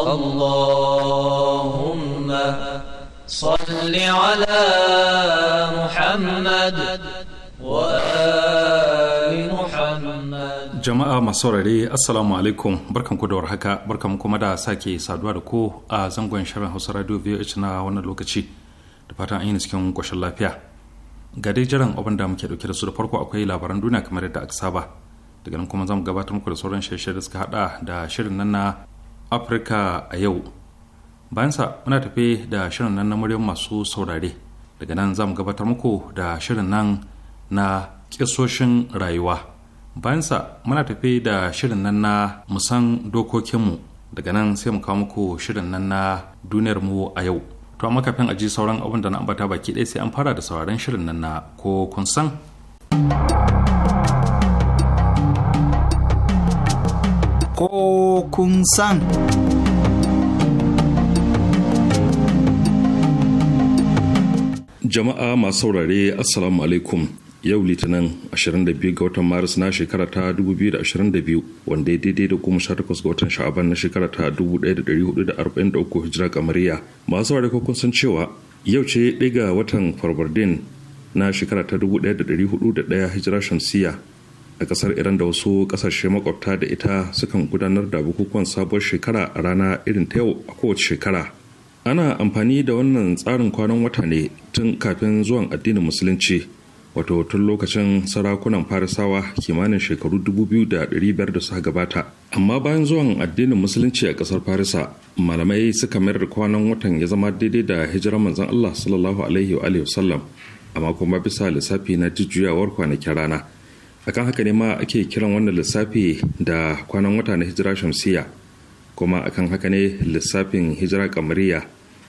اللهم صل على محمد jama'a masu rari assalamu alaikum barkan ku da warhaka barkan kuma da sake saduwa da ku a zangon shirin hausa radio vh na wannan lokaci da fatan an yi cikin koshin lafiya ga dai jiran abin da muke dauke da su da farko akwai labaran duniya kamar yadda aka saba daga nan kuma zamu gabatar muku da sauran shirye da suka hada da shirin nan na afirka a yau bayansa muna tafi da shirin nan na muryar masu saurare daga nan za mu gabatar muku da shirin nan na kisoshin rayuwa bayansa muna tafi da shirin nan na musan dokokinmu daga nan sai mu kawo muku shirin nan na duniyar mu a yau to amma kafin a ji sauran abin da na ambata baki ɗaya sai an fara da sauraron shirin nan na ko kun san ko kun san. Jama'a masu saurare Assalamu alaikum yau litinin 22 ga watan maris na shekara ta 2022 wanda ya daidai da goma sha takwas ga watan sha'aban na shekara ta 1443 hijira kamariya masu saurare ko kun san cewa yau ce ɗiga watan farbardin na shekara ta 1401 hijira shamsiya a kasar iran da wasu kasashe makwabta da ita sukan gudanar da bukukuwan sabuwar shekara a rana irin ta yau a kowace shekara ana amfani da wannan tsarin kwanan wata ne tun kafin zuwan addinin musulunci wato tun lokacin sarakunan farisawa kimanin shekaru 2500 da suka gabata amma bayan zuwan addinin musulunci a kasar farisa malamai suka mayar da kwanan watan ya zama daidai da hijirar manzon allah sallallahu alaihi wa sallam amma kuma bisa lissafi na jujjuyawar kwanakin rana akan haka ne ma ake kiran wannan lissafi da kwanan wata na hijira shamsiya kuma akan haka ne lissafin hijira kamariya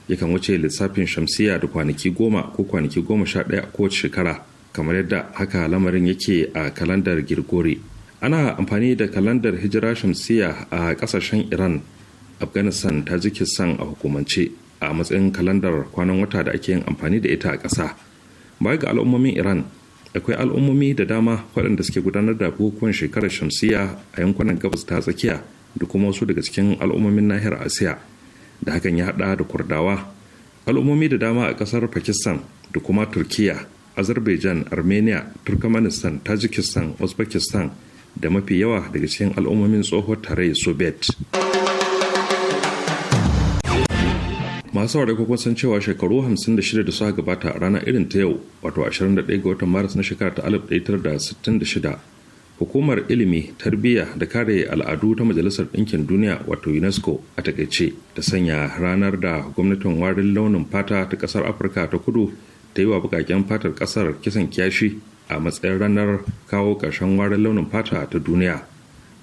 yakan wuce lissafin shamsiya da kwanaki goma ko kwanaki goma sha ɗaya kowace shekara kamar yadda haka lamarin yake a kalandar girgori ana amfani da kalandar hijira shamsiya a kasashen iran afghanistan tajikistan a hukumance a matsayin kalandar kwanan wata da ake yin amfani da ita a ƙasa baya ga al'ummomin iran akwai al'ummomi da dama waɗanda suke gudanar da bukukuwan shekarar shamsiya a yankunan gabas ta tsakiya da kuma wasu daga cikin al'ummomin nahiyar asiya da hakan ya haɗa da kurdawa al'ummomi da dama a ƙasar pakistan da kuma turkiya azerbaijan armenia turkmenistan tajikistan uzbekistan da mafi yawa daga cikin al'ummomin tsohuwar tarayyar soviet masu saurari ko san cewa shekaru 56 da suka gabata a ranar irin ta yau wato 21 ga watan maris na shekara ta 1966 hukumar ilimi tarbiyya da kare al'adu ta majalisar ɗinkin duniya wato unesco a takaice ta sanya ranar da gwamnatin warin launin fata ta kasar afirka ta kudu ta yi wa bukaken fatar ƙasar kisan kyashi a matsayin ranar kawo ƙarshen warin launin fata ta duniya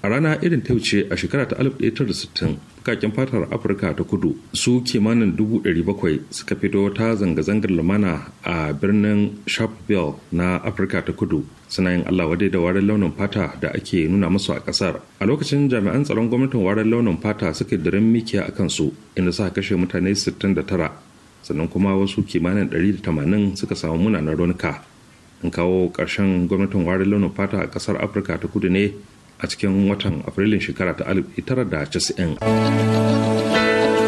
a rana irin ta wuce a shekara ta 1960 bukakin fatar afirka ta kudu su kimanin 700 suka fito ta zanga-zangar lumana a birnin sharpeville na afirka ta kudu suna yin allah wadai da warin launin fata da ake nuna musu a kasar a lokacin jami'an tsaron gwamnatin warin launin fata suka dirin mikiya a kansu inda suka kashe mutane 69 sannan kuma wasu kimanin 180 suka samu munanan raunuka an kawo ƙarshen gwamnatin warin launin fata a kasar afirka ta kudu ne a cikin watan afrilun shekara ta 1990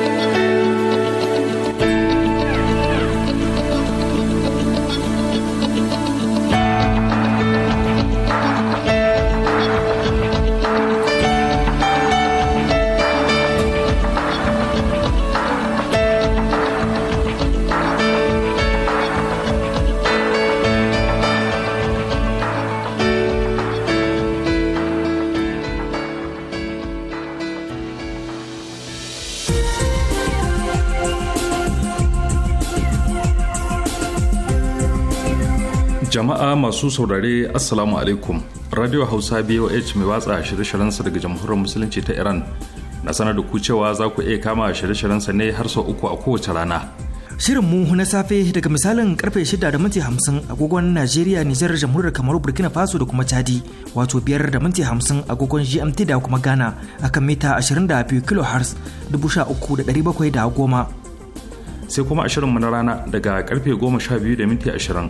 jama'a masu saurare assalamu alaikum radio hausa boh mai watsa shirye-shiryensa daga jamhuriyar musulunci ta iran na sanar da ku cewa za ku iya kama shirye-shiryensa ne har sau uku a kowace rana shirin mu na safe daga misalin karfe 6 da minti 50 agogon najeriya nijar jamhuriyar kamaru burkina faso da kuma chadi wato biyar da minti 50 agogon gmt da kuma ghana akan mita 22 kilohertz 13710 sai kuma ashirin mu na rana daga karfe goma sha 12 da minti ashirin.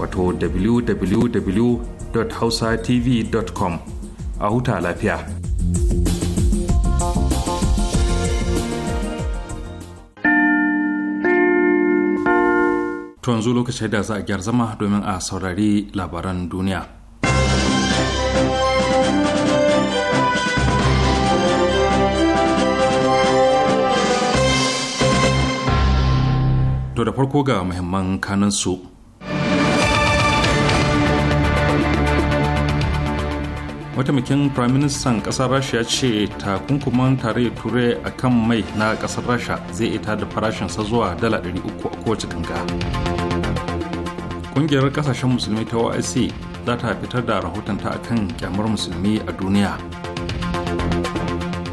wato www.hausatv.com a huta lafiya. To yanzu lokacin da za a gyar zama domin a saurari labaran duniya. To da farko ga muhimman kanansu. su. mataimakin firaministan ƙasar rasha ya ce takunkuman tarayyar turai a kan mai na ƙasar rasha zai ita da farashinsa zuwa dala 300 a kowace ganga Kungiyar ƙasashen musulmi ta oic za ta fitar da rahotonta a kan kyamar musulmi a duniya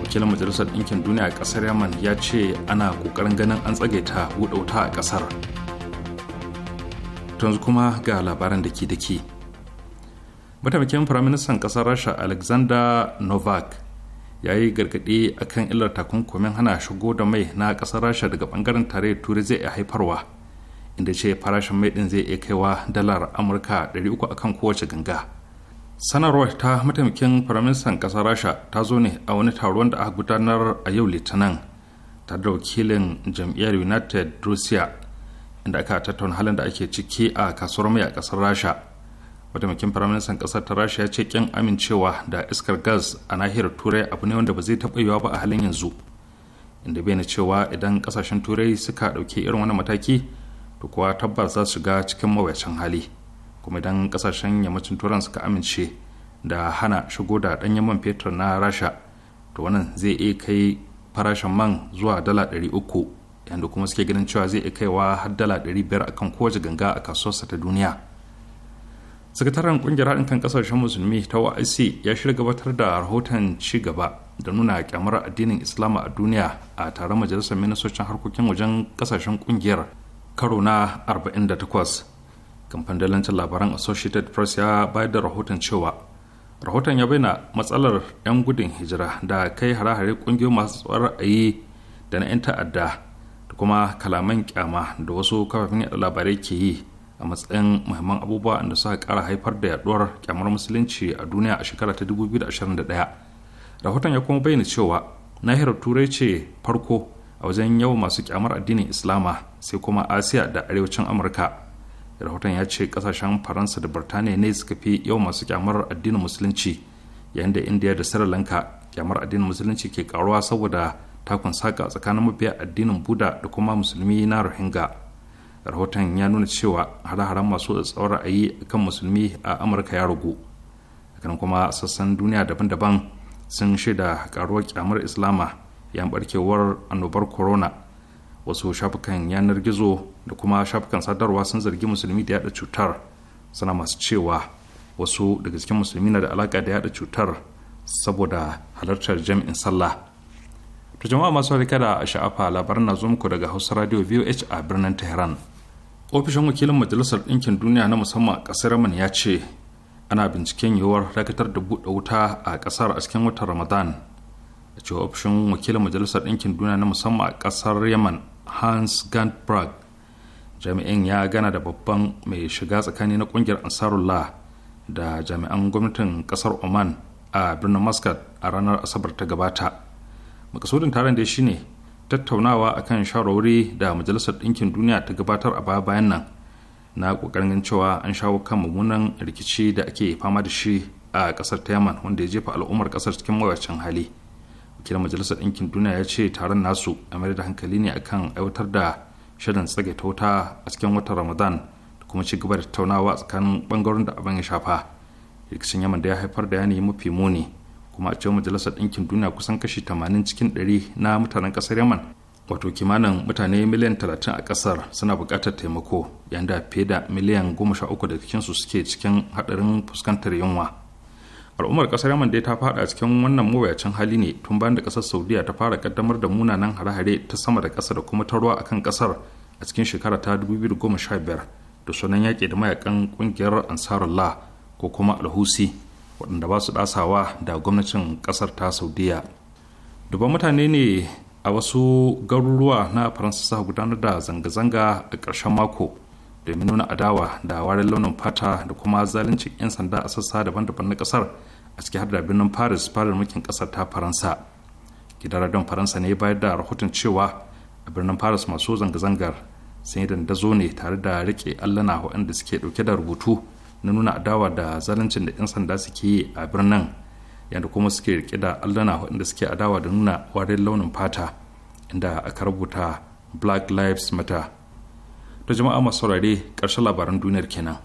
wakilin majalisar ɗinkin duniya a ƙasar yaman ya ce ana ƙoƙarin ganin an tsage ta wuta a ƙasar yanzu kuma ga labaran da ke da ke mataimakin firaministan ƙasar rasha alexander novak ya yi gargaɗi kan illar takunkumin hana shigo da mai na kasar rasha daga bangaren tarayyar turai zai iya haifarwa inda ce farashin mai ɗin zai iya kaiwa dalar amurka 300 akan kowace ganga sanarwar ta mataimakin firaministan ƙasar rasha ta zo ne a wani taron da aka gudanar a yau litinin tare da wakilin jam'iyyar united russia inda aka tattauna halin da ake ciki a kasuwar mai a kasar rasha mataimakin firaministan kasar ta rasha ya ce kyan amincewa da iskar gas a nahiyar turai abu ne wanda ba zai taɓa yiwa ba a halin yanzu inda bai na cewa idan kasashen turai suka ɗauki irin wani mataki to kuwa tabbas za su ga cikin mawuyacin hali kuma idan kasashen yammacin turan suka amince da hana shigo da ɗanyen man fetur na rasha to wannan zai iya kai farashin man zuwa dala ɗari uku yadda kuma suke ganin cewa zai iya kaiwa har dala ɗari biyar akan kowace ganga a kasuwarsa ta duniya sakataren kungiyar haɗin kan ƙasashen musulmi ta oic ya shirya gabatar da rahoton ci gaba da nuna kyamar addinin islam a duniya a taron majalisar ministocin harkokin wajen ƙasashen kungiyar karo na 48 kamfan dalancin labaran associated press ya bayar da rahoton cewa rahoton ya bayyana matsalar 'yan gudun hijira da kai hare-hare kungiyoyi masu tsawar ra'ayi da na 'yan ta'adda da kuma kalaman kyama da wasu kafafen yada labarai ke yi a matsayin muhimman abubuwa da suka kara haifar da yaduwar kyamar musulunci a duniya a shekara ta 2021 rahoton ya kuma bayyana cewa nahiyar turai ce farko a wajen yawan masu kyamar addinin islama sai kuma asiya da arewacin amurka rahoton ya ce kasashen faransa da birtaniya ne suka fi yawan masu kyamar addinin musulunci yayin da indiya da sri lanka kyamar addinin musulunci ke karuwa saboda takun saka tsakanin mabiya addinin buda da kuma musulmi na rohingya rahoton ya nuna cewa hare-haren masu tsawon ra'ayi kan musulmi a amurka ya ragu hakan kuma sassan duniya daban-daban sun shaida karuwar kyamar islama yan barkewar annobar corona wasu shafukan yanar gizo da kuma shafukan sadarwa sun zargi musulmi da yada cutar suna masu cewa wasu daga cikin musulmi na da alaka da yada cutar saboda halartar jami'in sallah to jama'a masu harika da sha'afa labaran na zo muku daga hausa radio voh a birnin tehran ofishin wakilin majalisar ɗinkin duniya na musamman a ƙasar yaman ya ce ana binciken yiwuwar dakatar da buɗe wuta a ƙasar a cikin watan ramadan da cewa ofishin wakilin majalisar ɗinkin duniya na musamman a ƙasar yaman hans gantbrag jami'in ya gana da babban mai shiga tsakani na ƙungiyar ansarullah da jami'an gwamnatin ƙasar oman a birnin muscat a ranar asabar ta gabata makasudin taron da dai shine tattaunawa akan shawarwari da majalisar ɗinkin duniya ta gabatar a baya bayan nan na ƙoƙarin cewa an shawo kan mummunan rikici da ake fama da shi a ƙasar ta yaman wanda ya jefa al'ummar ƙasar cikin mawuyacin hali wakilin majalisar ɗinkin duniya ya ce taron nasu a mayar da hankali ne akan aiwatar da shirin tsage ta wuta a cikin watan ramadan da kuma ci gaba da tattaunawa tsakanin ɓangaren da abin ya shafa rikicin yaman da ya haifar da yanayi mafi muni kuma a cewa majalisar ɗinkin duniya kusan kashi 80 cikin 100 na mutanen ƙasar yaman wato kimanin mutane miliyan 30 a kasar suna buƙatar taimako yayin da fiye da miliyan 13 da cikinsu suke cikin haɗarin fuskantar yunwa al'ummar ƙasar yaman dai ta faɗa cikin wannan mawuyacin hali ne tun bayan da ƙasar saudiya ta fara ƙaddamar da munanan hare-hare ta sama da ƙasa da kuma ta ruwa akan ƙasar a cikin shekara ta 2015 da sunan yaƙi da mayakan ƙungiyar ansarullah ko kuma alhusi waɗanda ba su ɗasawa da gwamnatin ƙasar ta saudiya dubban mutane ne a wasu garuruwa na faransa sa gudanar da zanga-zanga a ƙarshen mako domin nuna adawa da warin launin fata da kuma zaluncin 'yan sanda a sassa daban-daban na ƙasar a ciki har da birnin paris farin mulkin ƙasar ta faransa gidan radon faransa ne bayar da rahoton cewa a birnin paris masu zanga-zangar sun yi dandazo ne tare da rike allana waɗanda suke ɗauke da rubutu na nuna adawa da zaluncin da 'yan sanda suke yi a birnin yadda kuma suke rike da allana waɗanda suke adawa da nuna warin launin fata inda aka rubuta black lives matter ta jama'a masu saurare ƙarshen labaran duniyar kenan.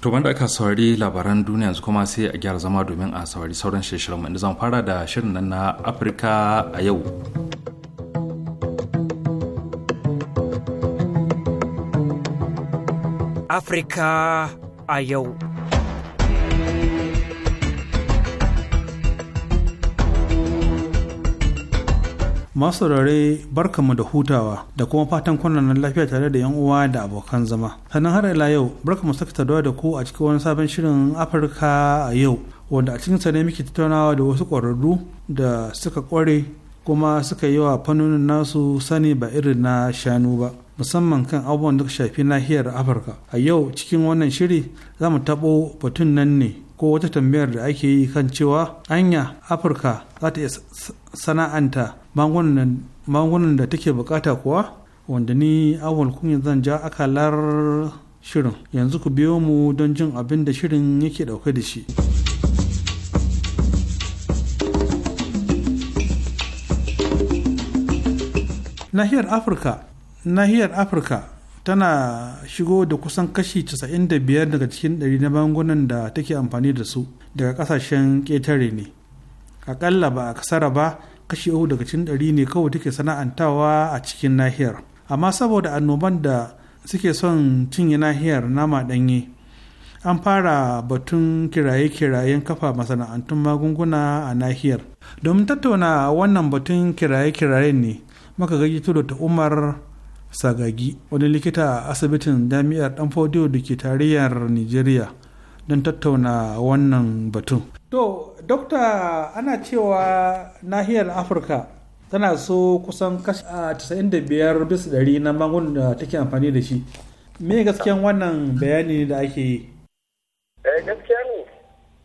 To banda aka saurari labaran duniya yanzu kuma sai a gyara zama domin a saurari sauran shirin inda zan fara da shirin nan na Afirka a yau. Afirka a yau. masu rare mu da hutawa da kuma fatan kwanan lafiya tare da yan uwa da abokan zama sannan har ila yau mu saka tadawa da ku a cikin wani sabon shirin afirka a yau wanda a cikin ne muke tattaunawa da wasu ƙwararru da suka ƙware kuma suka yi wa fannonin nasu sani ba irin na shanu ba musamman kan abubuwan da shafi nahiyar afirka a yau cikin wannan shiri za mu taɓo batun nan ne ko wata tambayar da ake yi kan cewa anya afirka za ta iya sana'anta magungunan da take bukata kuwa wanda ni awon kunya zan ja akalar shirin yanzu ku biyo mu don jin abin da shirin yake dauke da shi nahiyar afirka nahiyar afirka tana shigo da kusan kashi 95 daga cikin ɗari na bangunan da take amfani da su daga kasashen ƙetare ne akalla ba a kasara ba kashi uku daga cikin ɗari ne kawai take sana'antawa a cikin nahiyar amma saboda annoban da suke son cinye nahiyar nama ɗanye an fara batun kiraye-kirayen kafa masana'antun magunguna a nahiyar domin tattauna wannan batun kiraye-kirayen ne maka gaji da umar sagagi wani likita a asibitin jami'ar Fodiyo da ke tarayyar nigeria don tattauna wannan batun to dokta ana cewa nahiyar afirka tana so kusan kashi 95 bis 100 na magun da take amfani da shi me gaskiyan wannan bayani da ake yi eh, gaskiya ne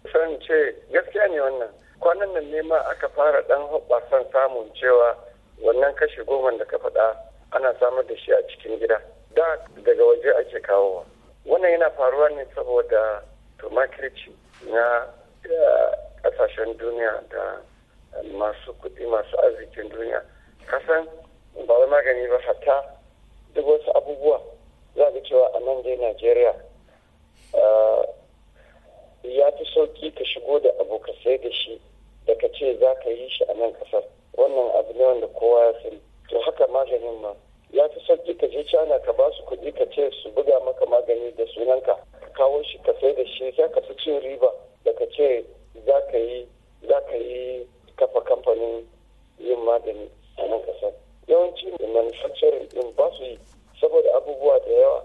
san ce gaskiya ne wannan kwanan nan ne ma aka fara dan hoɓasan samun cewa wannan kashi goma da ka faɗa ana samar da shi a cikin gida da daga waje ake wa. wannan yana faruwa ne saboda tumakirci na kasashen eh, duniya da masu kudi masu arzikin duniya kasan ba wai magani ba hatta duk wasu abubuwa za ga cewa a nan dai najeriya eh, ya fi sauki ka shigo da abu ka sai da shi da ka ce za ka yi shi a nan kasar wannan abu ne wanda kowa ya sani to haka maganin ma ya fi son ka je cana ka ba su kuɗi ka ce su buga maka magani da sunanka ka kawo shi ka sai da shi za ka fi cin riba da ka ce za ka yi za ka yi kafa kamfanin yin magani a nan kasar yawanci manufacturing din ba su yi saboda abubuwa da yawa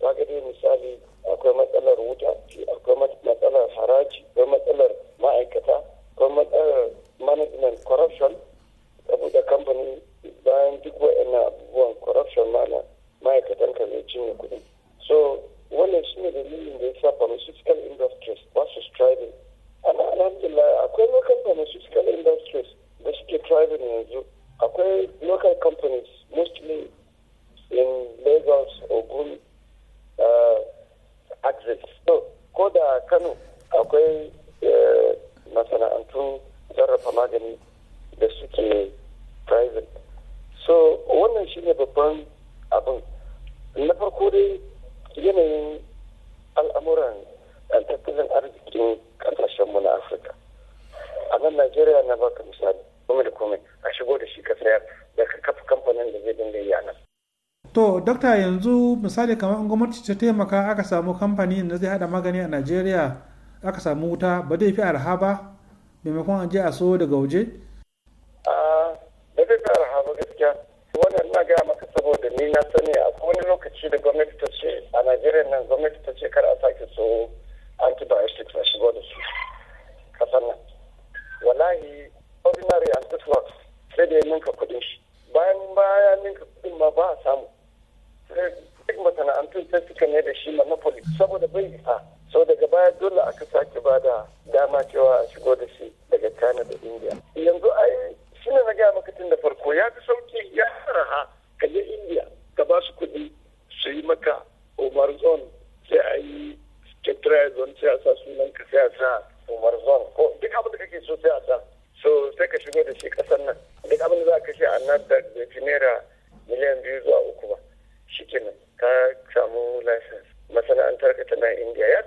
ta dai misali akwai matsalar wuta akwai matsalar haraji akwai matsalar ma'aikata akwai matsalar management corruption da buɗe kamfanin bayan duk wa'annan abubuwan corruption mana ma'aikatan ka zai cinye kuɗi so wannan shine dalilin da ya sa pharmaceutical industries ba su striving ana alhamdulillah akwai local pharmaceutical industries da suke thriving yanzu akwai local companies mostly in lagos ogun uh, axis so ko da kano akwai eh, masana'antun sarrafa magani da suke private so wannan shi ne babban abin na farko dai yanayin al'amuran eh, tattalin arzikin kasashen mu na afirka a nan najeriya na baka misali kome da kome a shigo da shi ka sayar da ka kafa kamfanin da zai dinga yi a nan to dokta yanzu misali kamar in gwamnati ta taimaka aka samu kamfani da zai hada magani a najeriya aka samu wuta ba zai fi arha ba maimakon an je a so daga waje saboda ni na sani a wani lokaci da gwamnati ta ce a najeriya nan gwamnati ta ce kar a sake so antibiotics a shigo da su kasar nan wallahi ordinary antibiotics sai da ya ninka kudin shi bayan baya ninka kudin ma ba a samu duk masana'antun sai suka ne da shi monopoly saboda bai isa sau daga baya dole aka sake ba da dama cewa a shigo da shi daga china da india yanzu ai shi ne na gaya maka tun da farko ya fi sauki ya fi raha je india ka ba su kuɗi su yi maka umar zone sai a yi zone sai a sa sunan ka sai a sa umar zone ko duk abin da kake so sai a sa so sai ka shigo da shi kasar nan duk abin da za ka shi a nan da jefinera naira miliyan biyu zuwa uku ba shikenan ka samu license masana'antar ka tana indiya ya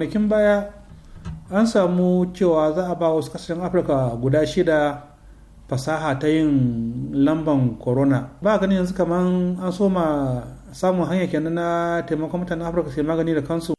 kwanakin baya an samu cewa za a ba wasu kasashen afirka guda shida fasaha ta yin lamban corona ba ganin yanzu kamar an soma samun hanya kenan na taimakon mutanen afirka sai magani da kansu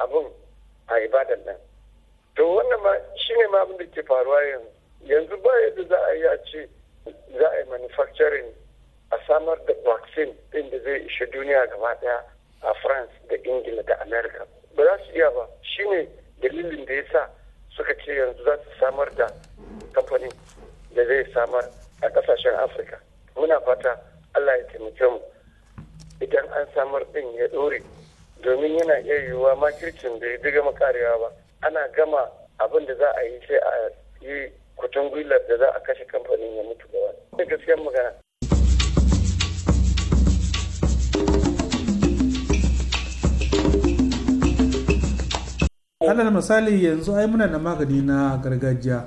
abin a ibadan nan to wannan ma shi ne ma da ke faruwa yanzu yanzu ba yadda za a yi a ce za a yi manufacturing a samar da vaccine din da zai ishe duniya gaba daya a france da ingila da america ba za su iya ba shi ne dalilin da ya sa suka ce yanzu za su samar da kamfanin da zai samar a kasashen afirka muna fata allah ya taimake mu idan an samar din ya ɗore. domin yana iya yiwuwa makircin kirkin bai diga makarewa ba ana gama abin da za a yi sai a yi kutun gwilar da za a kashe kamfanin ya mutu gaba da gaskiyar magana alal misali yanzu ai muna da magani na gargajiya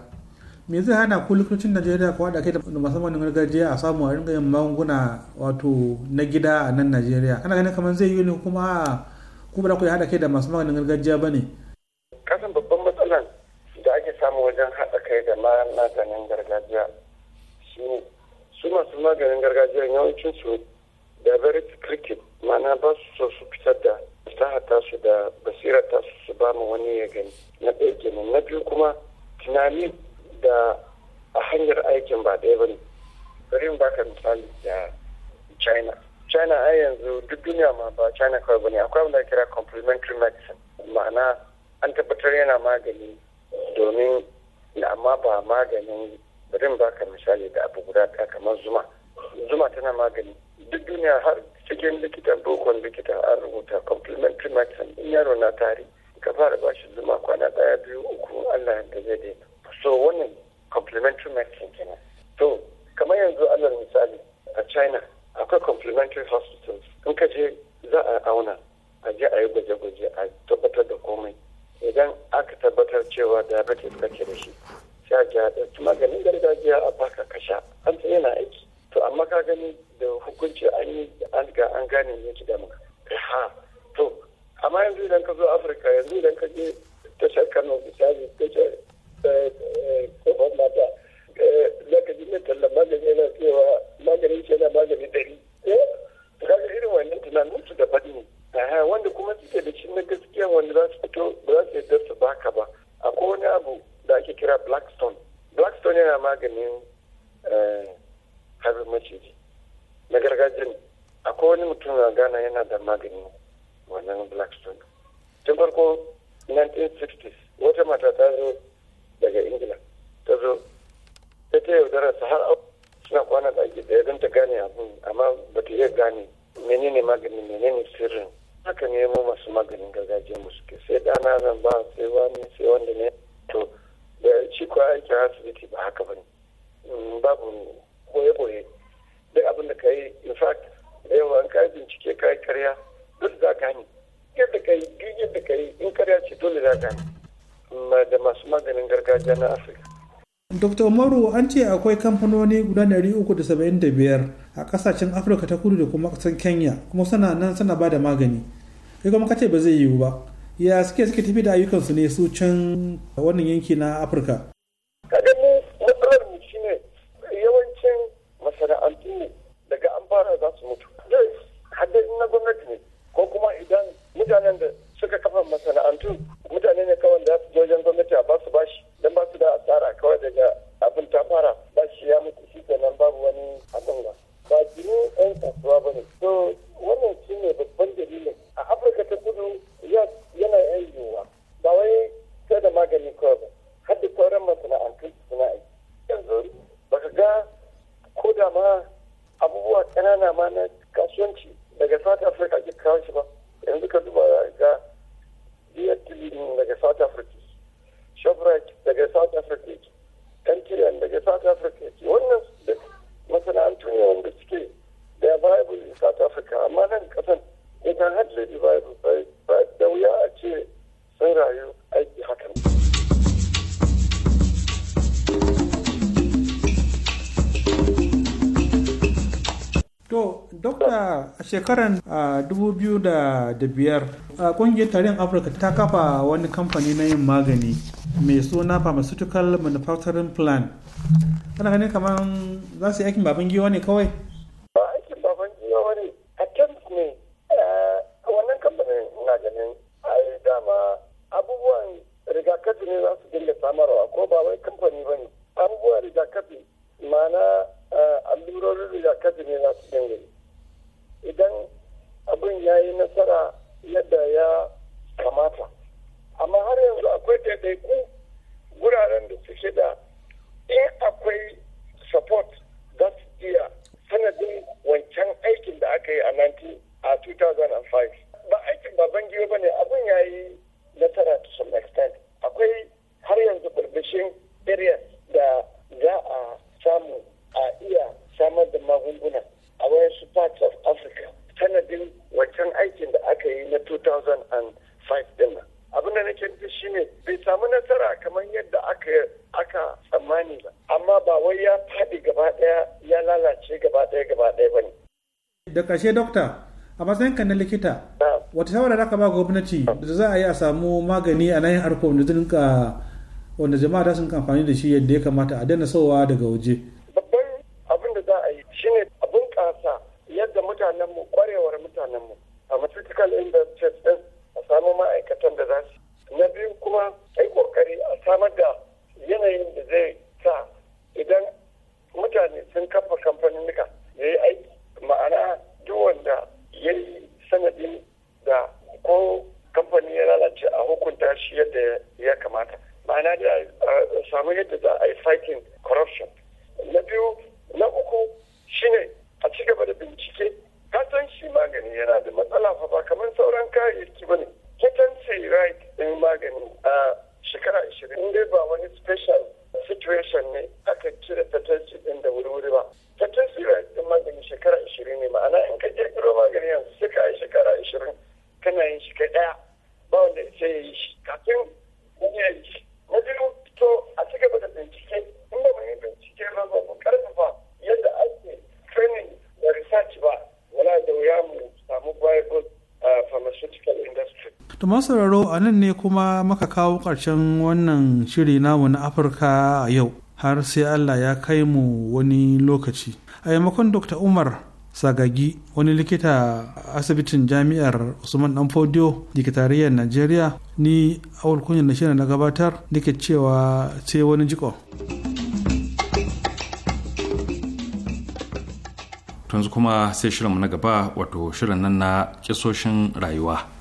me zai hana ku likitocin najeriya ku da kai da masu maganin gargajiya a samu a ringa yin magunguna wato na gida a nan najeriya kana ganin kamar zai yi ne kuma ku ba ku haɗa kai da masu maganin gargajiya ba ne. kasan babban matsalar da ake samu wajen haɗa kai da maganin gargajiya ne su masu maganin gargajiya yawancin su da very mana ba su so su fitar da fasahata su da basira ta su su ba mu wani ya gani na ɗaya kenan na biyu kuma tunani da a hanyar aikin ba ɗaya ba ne bari mu baka misali da china china a yanzu duk duniya ma ba china kawai bane akwai abin da kira complementary medicine ma'ana an tabbatar yana magani domin amma ba maganin bari baka misali da abu guda ɗaya kamar zuma zuma tana magani duk duniya har cikin likitan bukon likita an rubuta complementary medicine in yaro na tari ka fara ba shi zuma kwana ɗaya biyu uku allah da zai daina so wannan complementary medicine kenan to kamar yanzu allah misali a china elementary hospitals in ka je za a auna a je a yi gwaje-gwaje a tabbatar da komai idan aka tabbatar cewa diabetes kake da shi sai a ji a ɗauki maganin gargajiya a baka ka sha an sai yana aiki to amma ka gani da hukunci an yi an ga an gane ne ki damu eh, ha to amma yanzu idan ka zo afirka yanzu idan ka je tashar kano misali tashar eh, eh, kofar mata za ka ji mai tallan magani yana cewa maganin ce na magani ɗari eh to kaga irin wannan tunanin su da faɗi wanda kuma suke da shi na gaskiya wanda za su fito ba za su yarda su baka ba akwai wani abu da ake kira blackstone blackstone yana maganin eh, harbin maciji na gargajiya ne akwai wani mutum a ghana yana da maganin wannan blackstone tun farko 1960s wata mata ta zo daga ingila ta zo ta ta yaudara su har suna kwana ɗaki da don ta gane abin amma ba ta iya gane menene magani menene sirrin haka ne mu masu maganin gargajiya mu suke sai dana zan ba sai wani sai wanda ne to da shi kwa aikin asibiti ba haka ba ne mm, babu boye-boye duk abin da ka yi in fact da yawa an ka bincike ka yi karya duk za ka ne yadda ka yi duk yadda ka yi in karya ce dole za ka ne da masu maganin gargajiya na afirka dr umaru an ce akwai kamfanoni guda 375 a kasashen afirka ta kudu da kuma kasar kenya kuma suna nan suna ba da magani kai kuma kace ba zai yiwu ba ya suke suke tafi da ayyukansu ne su can wannan yanki na afirka matsalar mu shine yawancin masana'antu daga mutu zai na gwamnati ne ko kuma idan mutanen da suka kafa masana'antu shekarar biyar a kungiyar tarihin afirka ta kafa wani kamfani na yin magani mai suna pharmaceutical manufacturing plan ana ganin kamar za su yi aikin baban giwa ne kawai magunguna a wayansu parts of Africa sanadin wancan aikin da aka yi na 2005 din nan. Abin da na nufi shine bai samu nasara kamar yadda aka tsammani ba, amma ba wai ya faɗi gaba ɗaya ya lalace gaba ɗaya gaba ɗaya ba ne. Da ƙarshe dokta, a matsayinka na likita wata shawara da aka ba gwamnati da za a yi a samu magani a nan harkar wanda wanda jama'a da sun amfani da shi yadda ya kamata a daina sowa daga waje sauraro a nan ne kuma maka kawo ƙarshen wannan shiri namu na afirka a yau har sai allah ya kai mu wani lokaci a yamakon dr umar sagagi wani likita asibitin jami'ar usman dan fodiyo dikitariyar najeriya ni awul kunyar na shirin na gabatar da cewa ce wani jiko yanzu kuma sai shirinmu na gaba wato shirin nan na kisoshin rayuwa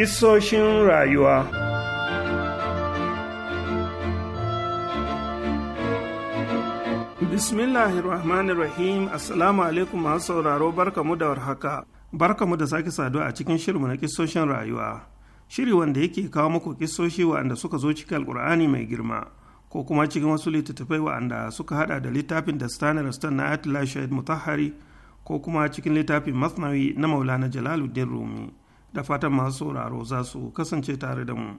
Isoshin rayuwa Bismillahirrahmanirrahim Assalamu alaikum masu sauraro barkamu da warhaka barkamu da sake saduwa a cikin shirinmu na kisoshin rayuwa shiri wanda yake kawo muku kisoshi waɗanda suka zo cikin alkur'ani mai girma ko kuma cikin wasu littattafai waɗanda suka hada da littafin da stanar stan na atila shahid mutahari ko kuma cikin littafin masnawi na maulana jalaluddin rumi da fatan masu sauraro za su kasance tare da mu.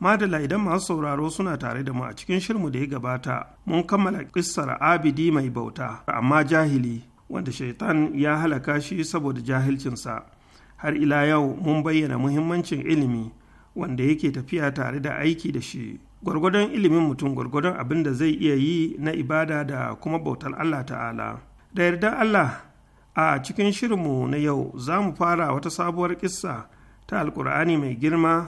Madala idan masu sauraro suna tare da mu a cikin shirmu da ya gabata mun kammala kissar abidi mai bauta amma jahili wanda shaitan ya halaka shi saboda jahilcinsa har ila yau mun bayyana muhimmancin ilimi wanda yake tafiya tare da aiki da shi gwargwadon ilimin mutum gwargwadon abin da zai iya yi na ibada da kuma bautar Allah ta'ala da yarda Allah a cikin shirinmu na yau za mu fara wata sabuwar kissa ta alkur'ani mai girma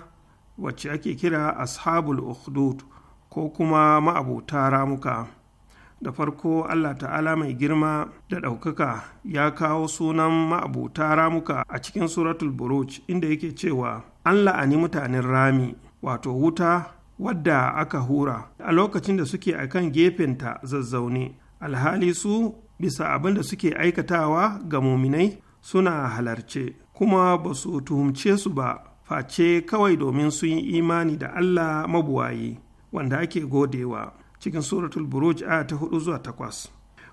wacce ake kira ashabul ukhdud ko kuma ma'abuta ramuka da farko Allah ta'ala mai girma da ɗaukaka ya kawo sunan ma'abuta ramuka a cikin suratul buruj inda yake cewa an la'ani mutanen rami wato wuta wadda aka hura a lokacin da suke a kan gefenta zazzaune alhali su bisa abin da suke aikatawa ga muminai suna halarce kuma ba su tuhumce su ba face kawai domin sun yi imani da Allah mabuwayi wanda ake godewa cikin suratul buruj a ta hudu zuwa takwas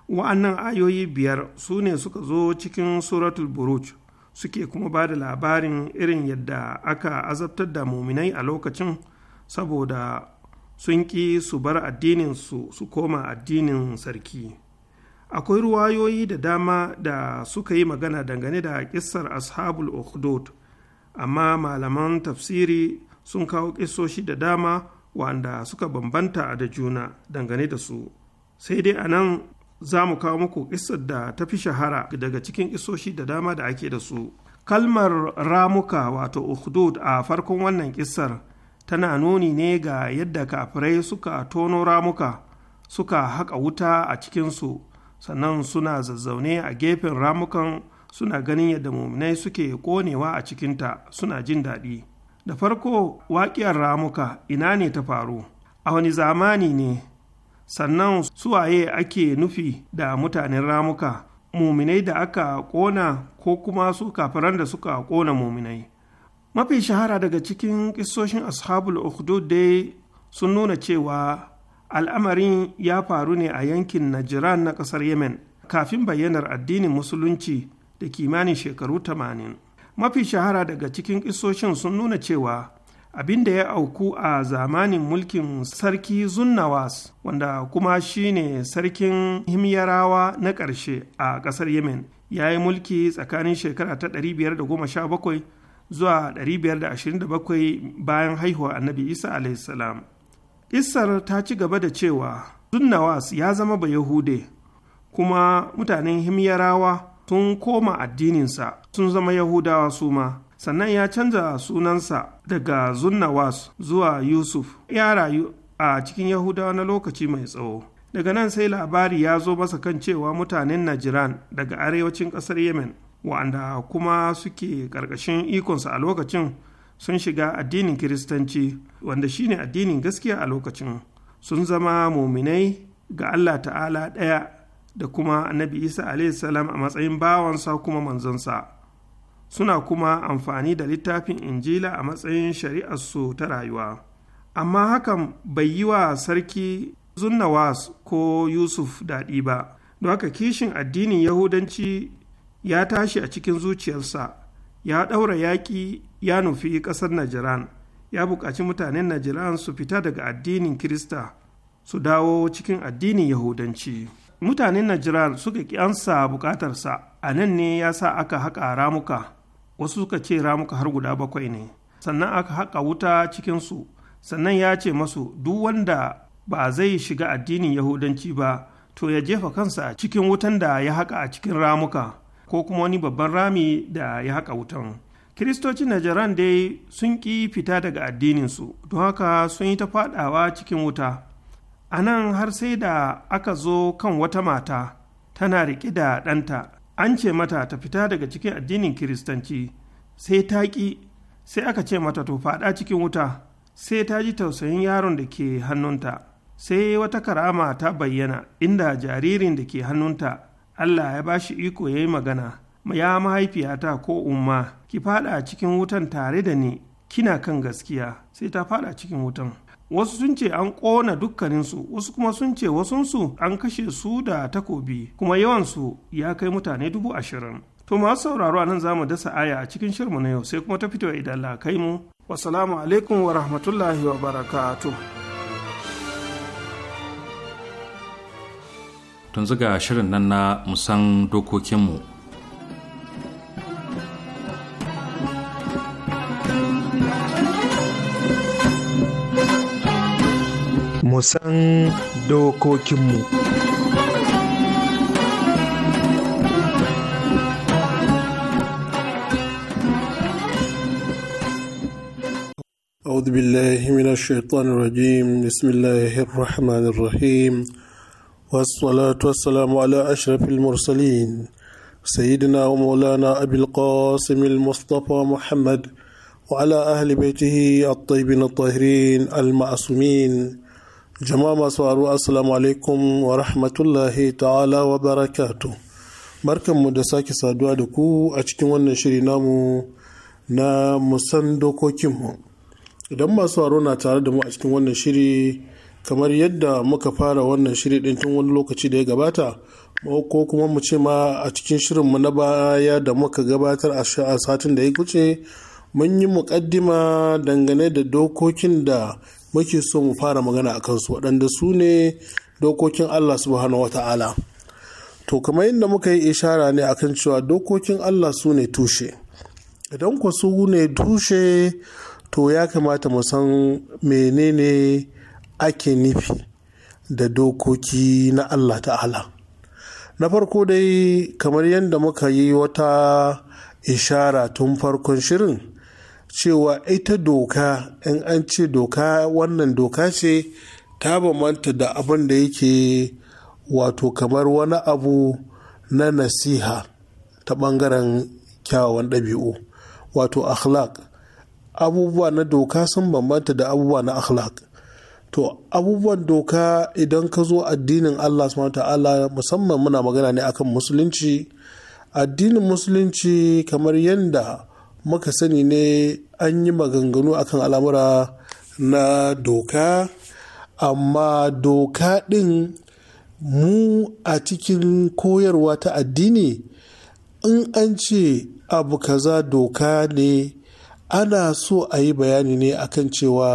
wa'annan ayoyi biyar su ne suka zo cikin suratul buruj suke kuma ba da labarin irin yadda aka azabtar da muminai a lokacin saboda sun ƙi su bar addininsu su koma addinin sarki akwai ruwayoyi da dama da suka yi magana dangane da ƙissar ashabul ukhdud amma malaman tafsiri sun kawo ƙissoshi da dama wanda suka bambanta da juna dangane da su sai dai a nan za mu kawo muku isar da ta fi shahara daga cikin isoshi da dama da ake da su kalmar ramuka wato ukhdud a farkon wannan ƙisar tana nuni ne ga yadda kafirai suka tono ramuka suka haƙa wuta a cikinsu sannan suna zazzaune a gefen ramukan suna ganin yadda muminai suke konewa a cikinta suna jin daɗi da farko waƙiyar ramuka ina ne ta faru a wani zamani ne sannan suwaye ake nufi da mutanen ramuka muminai da aka ƙona ko kuma su kafiran da suka ƙona muminai mafi shahara daga cikin ƙisoshin ashabul ukhdud dai sun nuna cewa al'amarin ya faru ne a yankin najiran na ƙasar yemen kafin bayyanar addinin musulunci da kimanin shekaru 80 mafi shahara daga cikin ƙisoshin sun nuna cewa abin da ya auku a zamanin mulkin sarki zunnawas wanda kuma shine sarkin himyarawa na ƙarshe a ƙasar yemen ya yi mulki tsakanin shekara ta 517 zuwa 527 bayan haihuwa annabi isa alaihissalam Isar ta ci gaba da cewa zunnawas ya zama ba yahude kuma mutanen himyarawa sun koma addininsa sun zama yahudawa su ma sannan ya canza sunansa daga zunnawas zuwa yusuf ya rayu a cikin yahudawa na lokaci mai tsawo daga nan sai labari ya zo masa kan cewa mutanen najiran daga arewacin ƙasar yemen wa'anda kuma suke ƙarƙashin ikonsa a lokacin sun shiga addinin kiristanci wanda shine addinin gaskiya a lokacin sun zama muminai ga allah ta'ala ɗaya da kuma annabi isa a matsayin bawansa kuma manzonsa suna kuma amfani da littafin injila a matsayin shari'arsu ta rayuwa amma hakan bai yi wa sarki zunnawas ko yusuf daɗi ba don haka kishin addinin yahudanci ya tashi a cikin zuciyarsa ya ɗaura yaƙi ya nufi ƙasar najiran ya buƙaci mutanen najiran su fita daga addinin kirista su dawo cikin addinin yahudanci mutanen najiran suka ƙi buƙatarsa a nan ne ya sa aka haƙa ramuka wasu suka ce ramuka har guda bakwai ne sannan aka haƙa wuta cikinsu sannan ya ce masu duk wanda ba zai shiga addinin yahudanci ba to ya jefa kansa cikin wutan da ya haƙa a cikin ramuka ko kuma wani babban rami da ya haƙa wutan kiristocin najaran dai sun ƙi fita daga addininsu don haka sun yi ta faɗawa cikin wuta a nan har sai da aka zo kan wata mata tana riƙe da ɗanta an ce mata ta fita daga cikin addinin kiristanci sai ta ƙi sai aka ce mata to faɗa cikin wuta sai ta ji tausayin yaron da ke hannunta sai wata karama ta bayyana inda jaririn da ke hannunta allah ya ba shi iko ya yi magana ya mahaifiyata ko umma ki faɗa cikin wutan tare da ni kina kan gaskiya sai ta faɗa cikin wutan wasu sun ce an ƙona dukkaninsu wasu kuma sun ce wasunsu an kashe su da takobi kuma yawansu ya kai mutane dubu ashirin to masu sauraro a nan za mu dasa aya a cikin shirmu na yau sai kuma ta fito idan la kai mu wasalamu alaikum wa rahmatullahi wa barakatu. tun zuga shirin nan na musan dokokinmu mu san dokokinmu. أعوذ بالله من الشيطان الرجيم بسم الله الرحمن الرحيم والصلاة والسلام على أشرف المرسلين سيدنا ومولانا أبي القاسم المصطفى محمد وعلى أهل بيته الطيبين الطاهرين المعصومين jama'a masu haru assalamu alaikum wa rahmatullahi ta'ala wa barakatu mu da sake saduwa da ku a cikin wannan shiri namu na musan dokokinmu idan masu haru na tare da mu a cikin wannan shiri kamar yadda muka fara wannan shiri din tun wani lokaci da ya gabata ko kuma mu ce ma a cikin shirinmu na baya da muka gabatar a satin da ya wuce mun yi muƙaddima dangane da dokokin da muke so mu fara magana a kansu waɗanda su ne dokokin Allah subhanahu ta'ala to kamar yadda muka yi ishara ne akan cewa dokokin Allah su ne tushe idan ku su ne tushe to ya kamata mu san menene ake nufi da dokoki na Allah ta'ala na farko dai kamar yadda muka yi wata ishara tun farkon shirin cewa ita doka in an ce doka wannan doka ce ta bambanta da abin da yake wato kamar wani abu na nasiha ta ɓangaren kyawawan ɗabi'u wato akhlaq abubuwa na doka sun bambanta da abubuwa na akhlaq to abubuwan doka idan ka zo addinin allah subhanahu ta'ala musamman muna magana ne akan musulunci addinin musulunci kamar yadda muka sani ne an yi maganganu akan al'amura na doka amma doka ɗin mu a cikin koyarwa ta addini in an ce abu kaza doka ne ana so a yi bayani ne akan cewa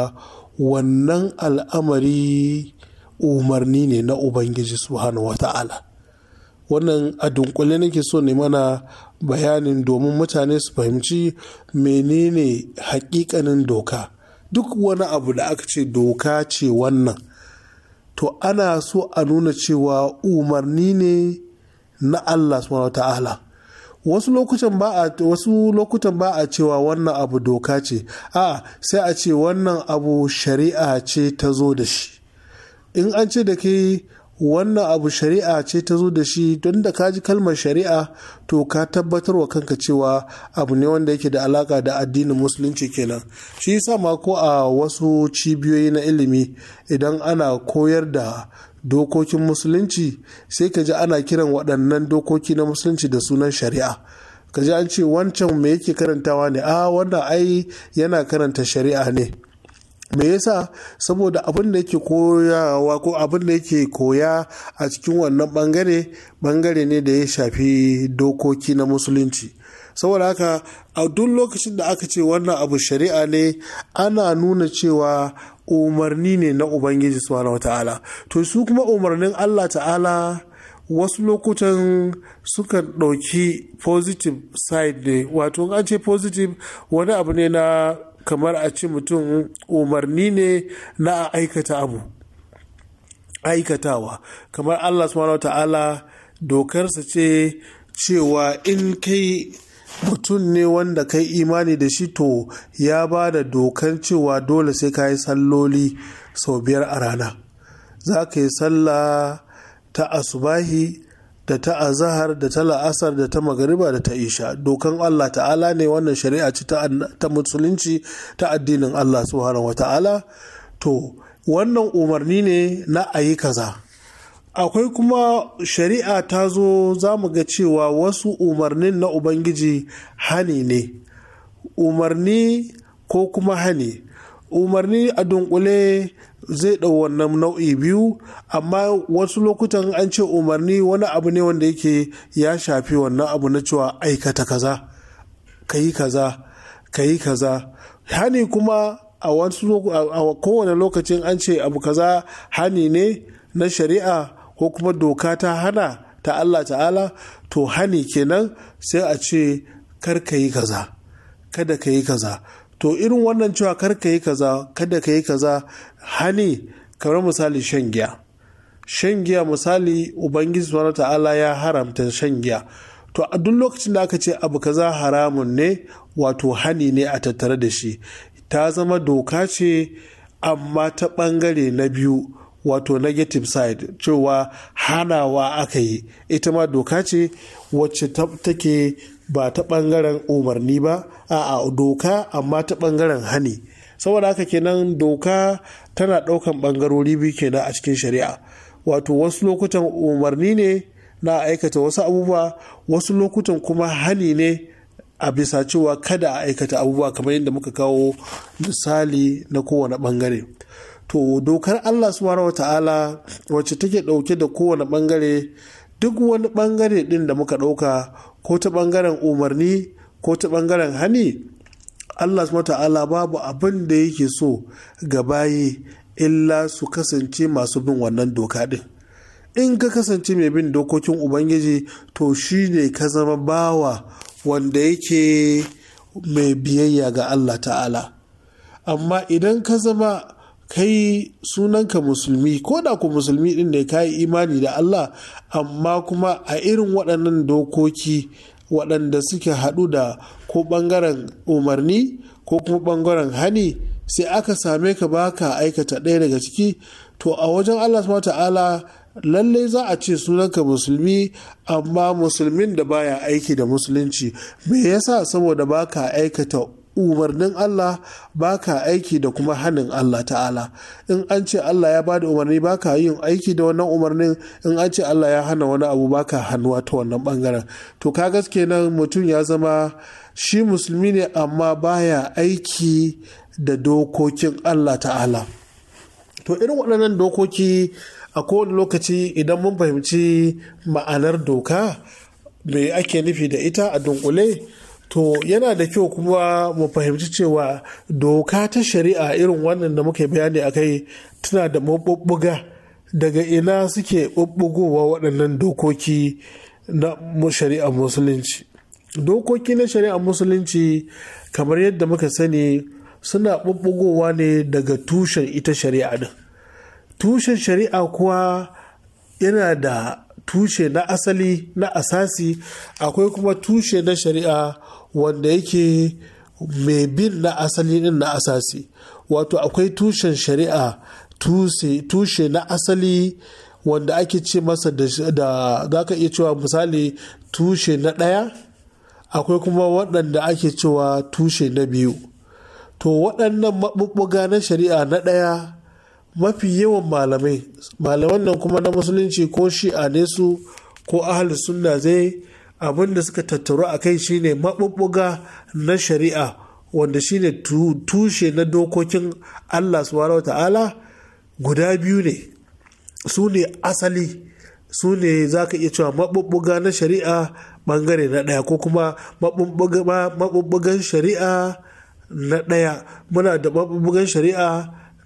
wannan al'amari umarni ne na ubangiji subhanahu wata'ala wannan a dunkule nake so ne mana bayanin domin mutane su fahimci menene hakikanin doka duk wani abu da aka ce doka ce wannan to ana so a nuna cewa umarni ne na Allah subhanahu ta'ala wasu lokutan ba a wasu lokutan ba a cewa wannan abu doka ce a sai a ce wannan abu shari'a ce ta zo da shi in an ce da ke wannan abu shari'a ce ta zo da shi don da ka ji kalmar shari'a to ka tabbatar wa kanka cewa abu ne wanda yake da alaka da addinin musulunci kenan shi yasa ma ko a wasu cibiyoyi na ilimi idan ana koyar da dokokin musulunci sai ka ji ana kiran waɗannan dokoki na musulunci da sunan shari'a ka ji an ce wancan me yake karantawa ne a wannan ai yana karanta shari'a ne me yasa saboda abin da yake koyawa ko abin da yake koya a cikin wannan bangare bangare ne da ya shafi dokoki na musulunci saboda haka a duk lokacin da aka ce wannan abu shari'a ne ana nuna cewa umarni ne na ubangiji subhanahu ta'ala to su kuma umarnin allah ta'ala wasu lokutan suka ɗauki positive side ne wato an ce positive wani abu ne na kamar a ci mutum umarni ne na aikata abu aikatawa kamar allah subhanahu wa ta'ala dokarsa ce cewa in kai mutum ne wanda kai imani da shi to ya ba da dokar cewa dole sai ka yi salloli sau biyar a rana za ka yi sallah ta asubahi da ta azahar da ta la'asar da ta magariba da ta isha dokan Allah ta'ala ne wannan shari'a ce ta musulunci ta addinin Allah subhanahu wa ta'ala to wannan umarni ne na a yi kaza akwai kuma shari'a ta zo za mu ga cewa wasu umarnin na ubangiji hani ne umarni ko kuma hani umarni a dunkule zai ɗau wannan nau'i biyu amma wasu lokutan an ce umarni wani abu ne wanda yake ya shafi wannan abu na cewa aikata kaza ka yi kaza ka yi kaza hani kuma a kowane lokacin an ce abu kaza hani ne na shari'a ko kuma doka ta hana ta Allah ta'ala to hani kenan sai a ce kar ka yi kaza kada ka yi kaza to irin wannan cewa kar ka yi kaza kada ka yi kaza hani kamar misali shan giya shan giya misali ubangiji subhanahu ta'ala ya haramta shan giya to a duk lokacin da aka ce abu kaza haramun ne wato hani ne a tattare da shi ta zama doka ce amma ta bangare na biyu wato negative side cewa hanawa aka yi ita ma doka ce wacce take ba ta ɓangaren umarni ba a doka amma ta ɓangaren hani saboda haka kenan doka tana ɗaukan ɓangarori biyu kenan a cikin shari'a wato wasu lokutan umarni ne na aikata wasu abubuwa wasu lokutan kuma hani ne a bisa cewa kada a aikata abubuwa kamar yadda muka kawo misali na kowane bangare to dokar allah subhanahu wa ta'ala wacce take dauke da kowane bangare duk wani ɓangare ɗin da muka ɗauka ko ta ɓangaren umarni ko ta ɓangaren hani Allah ta'ala babu abin da yake so ga bayi illa su kasance masu bin wannan doka din in ka kasance mai bin dokokin ubangiji to shi ne ka zama bawa wanda yake mai biyayya ga Allah ta'ala amma idan ka zama kai sunanka musulmi ko da ku musulmi din ne kayi imani da Allah amma kuma a irin waɗannan dokoki waɗanda suke haɗu da ko ɓangaren umarni ko kuma ɓangaren hani sai aka same ka baka aikata ɗaya daga ciki to a wajen Allah subhanahu ta'ala lallai za a ce sunanka musulmi amma musulmin da baya aiki da musulunci me yasa saboda baka aikata umarnin Allah baka aiki da kuma hanin Allah ta'ala in an ce Allah ya bada umarni baka yin aiki da wannan umarnin in an ce Allah ya hana wani abu baka hannuwa ta wannan bangaren to ka gaske nan mutum ya zama shi musulmi ne amma baya aiki da dokokin Allah ta'ala to irin waɗannan dokoki a kowane lokaci idan mun fahimci ma'anar doka me ake nufi da ita a dunkule to yana da kyau kuma mu fahimci cewa doka ta shari'a irin wannan da muka bayani a kai tana da maɓuɓɓuga daga ina suke ɓuɓɓugowa waɗannan dokoki na shari'ar musulunci dokoki na shari'a musulunci kamar yadda muka sani suna ɓuɓɓugowa ne daga tushen ita shari'a din tushen shari'a kuwa yana da tushe na asali na asasi akwai kuma tushe na shari'a wanda yake mai bin na asali din na asasi wato akwai tushen shari'a tushe na asali wanda ake ce masa da za ka iya cewa misali tushe na ɗaya akwai kuma waɗanda ake cewa tushe na biyu to waɗannan maɓuɓɓuga na shari'a na ɗaya mafi yawan malamai malaman nan kuma na musulunci ko shi'a ne su ko ahal sunna zai abin da suka tattaru a kai shine maɓuɓɓuga na shari'a wanda shine tushe na dokokin Allah subhanahu ta'ala guda biyu ne su ne asali su ne za ka iya cewa maɓuɓɓuga na shari'a bangare na ɗaya ko kuma maɓuɓɓugan shari'a na ɗaya muna da maɓuɓɓugan shari'a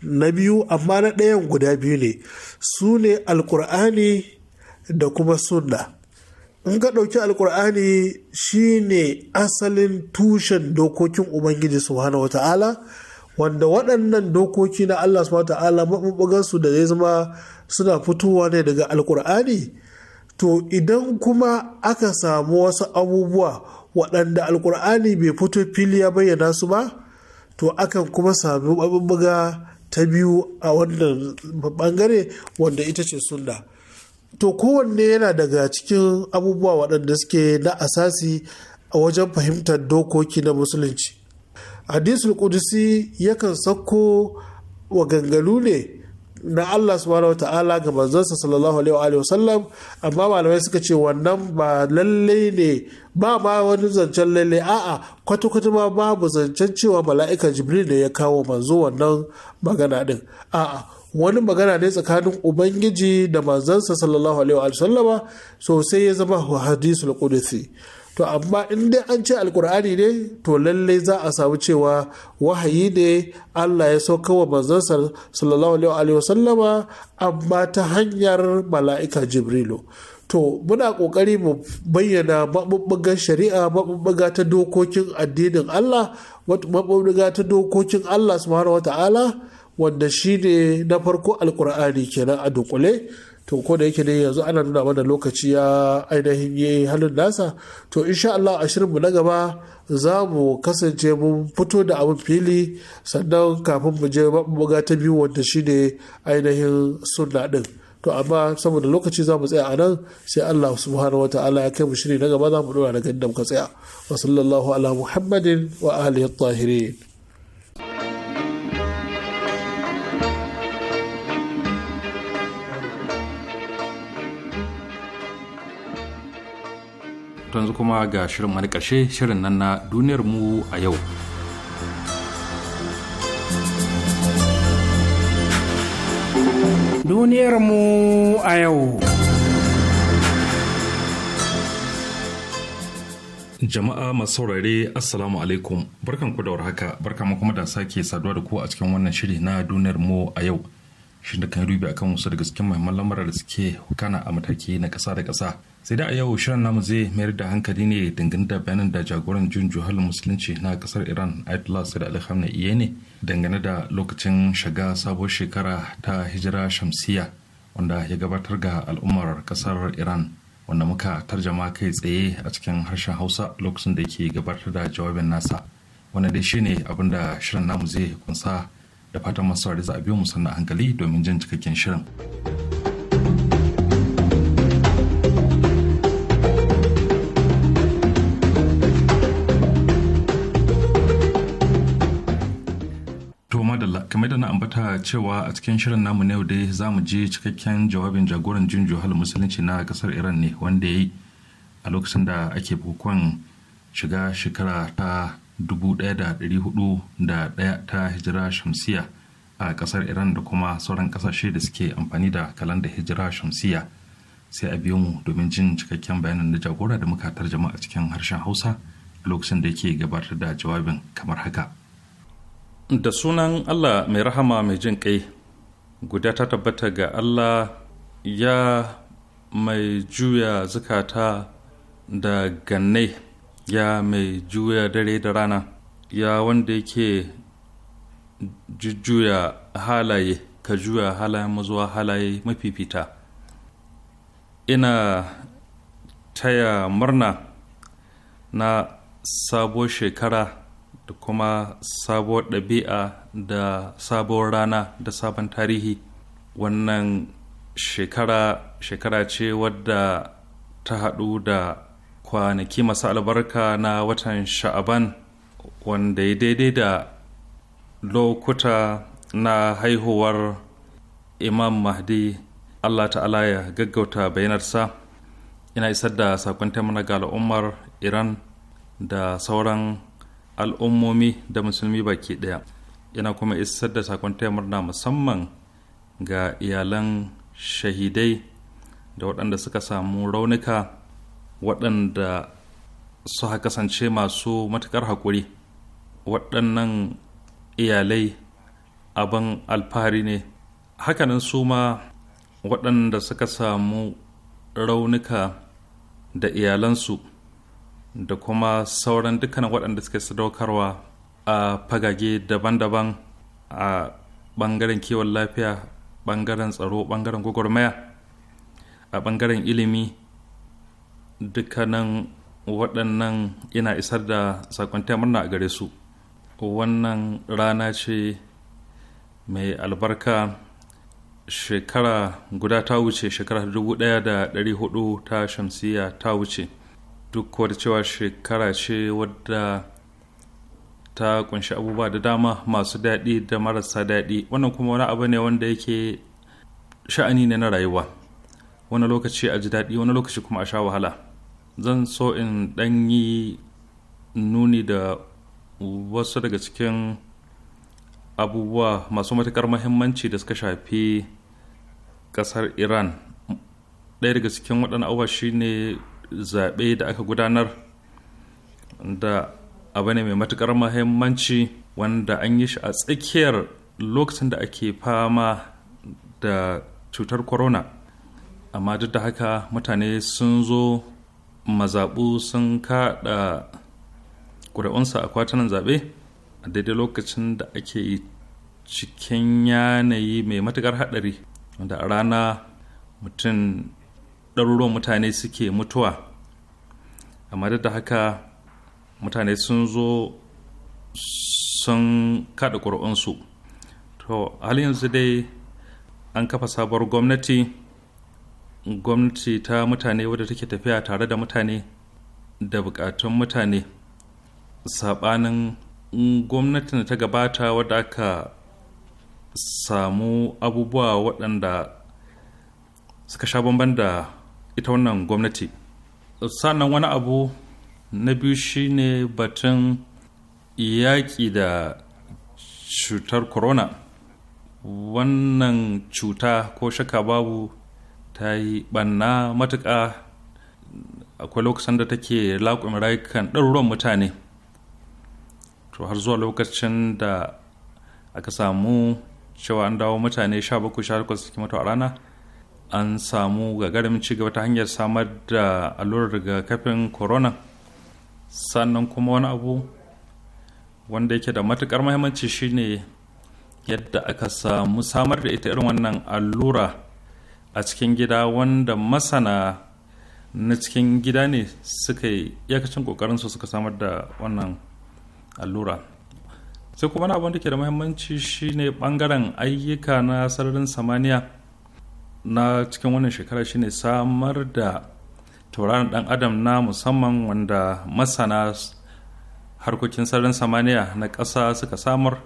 na biyu amma na ɗayan guda biyu ne su ne alkur'ani da kuma sunna in ka ɗauki alkur'ani shine asalin tushen dokokin ubangiji subhanahu wata'ala wanda waɗannan dokoki na allah subhanahu wata'ala maɓuɓɓugansu da zai zama suna fitowa ne daga alkur'ani to idan kuma aka samu wasu abubuwa waɗanda alkur'ani bai fito fili ya bayyana su ba to akan kuma sami maɓuɓɓuga ta biyu a wannan ɓangare wanda ita ce sunna to kowanne yana daga cikin abubuwa waɗanda suke na asasi a wajen fahimtar dokoki na musulunci hadisul kudusi yakan sauko wa gangalu ne na Allah subhanahu wa ta'ala ga manzansa sallallahu alaihi wa sallam amma malamai suka ce wannan ba lallai ne ba ma wani zancen lalle a'a kwata kwata ma babu zancen cewa mala'ika jibril ne ya kawo manzo wannan magana din a'a wani magana ne tsakanin ubangiji da manzansa sallallahu alaihi wa sallama sosai ya zama hadisul qudsi to amma in dai an ce alkur'ani ne to lallai za a samu cewa wahayi ne Allah ya sauka wa manzansa sallallahu alaihi wa sallama amma ta hanyar mala'ika jibrilu to muna kokari mu bayyana maɓuɓɓugan shari'a maɓuɓɓuga ta dokokin addinin Allah maɓuɓɓuga ta dokokin Allah subhanahu wata'ala Wanda shi ne na farko alkur'ani kenan a dukule to ko da yake ne yanzu ana nuna mana lokaci ya ainihin yi halin nasa to in sha Allah a shirinmu na gaba za mu kasance mun fito da abin fili sannan kafin mu je mabuga ta biyu wanda shi ne ainihin sunna din to amma saboda lokaci za mu tsaya a nan sai Allah subhanahu wa ta'ala ya kai mu shiri na gaba za mu dora daga inda muka tsaya wa sallallahu ala muhammadin wa alihi tahirin to yanzu kuma ga shirin wani ƙarshe shirin nan na duniyar mu a yau duniyar mu a yau jama'a masu saurare assalamu alaikum barkan ku da warhaka barkan kuma da sake saduwa da ku a cikin wannan shiri na duniyar mu a yau shi da kan rubi akan wasu daga cikin muhimman lamura da suke kana a mataki na kasa da kasa. sai da a yau shirin namu zai mayar da hankali ne dangane da bayanan da jagoran jin juhal musulunci na kasar iran ayatollah sayyid ali khamenei ne dangane da lokacin shiga sabuwar shekara ta hijira shamsiya wanda ya gabatar ga al'ummar kasar iran wanda muka tarjama kai tsaye a cikin harshen hausa lokacin da yake gabatar da jawabin nasa wanda dai shine abin da shirin namu zai kunsa da fatan masu saurari za a biyo mu sannan hankali domin jan cikakken shirin. kamar da na ambata cewa a cikin shirin namu na yau dai za mu je cikakken jawabin jagoran jin juhal musulunci na kasar iran ne wanda ya yi a lokacin da ake bukukuwan shiga shekara ta 1401 ta hijira shamsiya a kasar iran da kuma sauran kasashe da suke amfani da da hijira shamsiya sai a biyo mu domin jin cikakken bayanan na jagora da muka tarjama a cikin harshen hausa lokacin da yake gabatar da jawabin kamar haka da sunan allah mai rahama mai jin kai guda ta tabbata ga allah ya mai juya zukata da gannai ya mai juya dare da rana ya wanda yake jujjuya halaye ka juya halayen mazuwa halaye mafifita ina taya murna na sabuwar shekara da kuma sabuwar ɗabi'a da sabuwar rana da sabon tarihi wannan shekara shekara ce wadda ta haɗu da kwanaki masu albarka na watan sha'aban wanda ya daidai da lokuta na haihuwar imam mahdi allah ta'ala ya gaggauta bayanarsa ina isar da sakon taimana ga al'ummar iran da sauran al'ummomi da musulmi baki ɗaya, yana kuma isar da sakon na musamman ga iyalan shahidai da waɗanda suka samu raunuka waɗanda suka kasance masu matuƙar haƙuri waɗannan iyalai abin alfahari ne hakanan su ma waɗanda suka samu raunuka da iyalansu da kuma sauran dukkanin waɗanda suke sadaukarwa a fagage daban-daban a ɓangaren kiwon lafiya ɓangaren tsaro ɓangaren gwagwarmaya a ɓangaren ilimi dukkanin waɗannan ina isar da sakon murna a gare su wannan rana ce mai albarka shekara guda ta wuce shekara da hudu ta shamsiya ta wuce duk da cewa shekara ce wadda ta kunshi abubuwa da dama masu daɗi da marasa daɗi wannan kuma wani abu ne wanda yake sha'ani ne na rayuwa wani lokaci a ji daɗi wani lokaci kuma a sha wahala zan so in ɗan yi nuni da wasu daga cikin abubuwa masu matuƙar mahimmanci da suka shafi ƙasar iran ɗaya daga cikin waɗannan abubuwa shine zaɓe da aka gudanar da abu ne mai matuƙar mahimmanci wanda an yi shi a tsakiyar lokacin da ake fama da cutar corona amma duk da haka mutane sun zo mazaɓu sun kaɗa ƙuri'unsa a kwatunan zaɓe a daidai lokacin da ake cikin yanayi mai matuƙar haɗari wanda a rana mutum ɗaruruwan mutane suke mutuwa amma duk da haka mutane sun zo sun kaɗa ƙuri'unsu to halin yanzu dai an kafa sabuwar gwamnati gwamnati ta mutane wadda take tafiya tare da mutane da bukatun mutane sabanin gwamnatin da ta gabata wadda aka samu abubuwa waɗanda suka sha bamban da ita wannan gwamnati sannan wani abu na biyu shine batun yaƙi da cutar corona wannan cuta ko shaka babu ta yi banna matuƙa akwai lokacin da take laƙon rayukan ɗaruruwan mutane to har zuwa lokacin da aka samu cewa an dawo mutane 17-18 suke mutu a rana an samu gagarumin gaba ta hanyar samar da allurar kafin corona sannan kuma wani abu wanda yake da matukar mahimmanci shine yadda aka samu samar da ita irin wannan allura a cikin gida wanda masana na cikin gida ne suka yi iyakacin kokarin su suka samar da wannan allura sai kuma na abin da ke da muhimmanci shine bangaren ayyuka na sararin samaniya na cikin wannan shekara shine samar da tauraron dan adam na musamman wanda masana harkokin sararin samaniya na ƙasa suka samar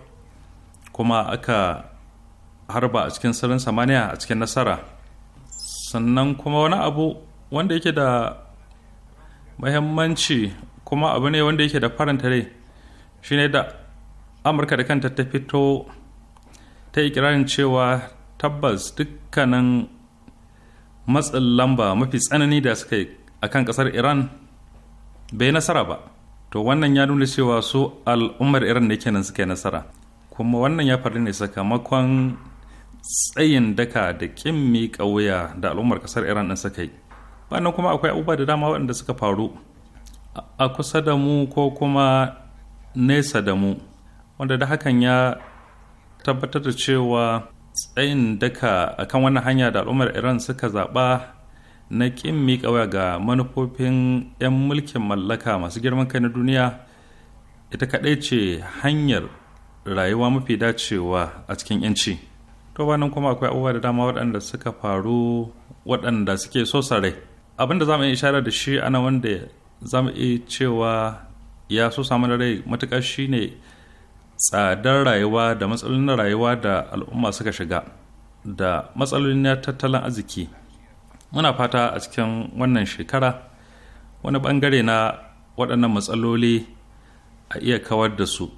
kuma aka harba a cikin sararin samaniya a cikin nasara sannan kuma wani abu wanda yake da mahimmanci kuma abu ne wanda yake da faranta rai shine da amurka da kanta ta fito ta yi ikirarin cewa tabbas dukkanin matsin lamba mafi tsanani da suka yi a kan kasar iran bai nasara ba to wannan ya nuna cewa su al'ummar iran ne kenan suka yi nasara kuma wannan ya faru ne sakamakon tsayin daka da kin miƙa wuya da al'ummar ƙasar iran ɗin suka yi bayan kuma akwai abubuwa da dama waɗanda suka faru a kusa da mu ko kuma nesa da mu wanda da hakan ya tabbatar da cewa tsayin daka akan wannan hanya da al'ummar iran suka zaɓa na ƙin miƙa wuya ga manufofin 'yan mulkin mallaka masu girman kai na duniya ita kaɗai ce hanyar rayuwa mafi dacewa a cikin 'yanci. to nan kuma akwai abubuwa da dama waɗanda suka faru waɗanda suke so sarai abinda za mu yi ishara da shi ana wanda za mu iya cewa ya so samu da rai matuƙar shine tsadar rayuwa da matsalolin rayuwa da al'umma suka shiga da matsalolin na tattalin arziki muna fata a cikin wannan shekara wani bangare na waɗannan matsaloli a iya kawar da su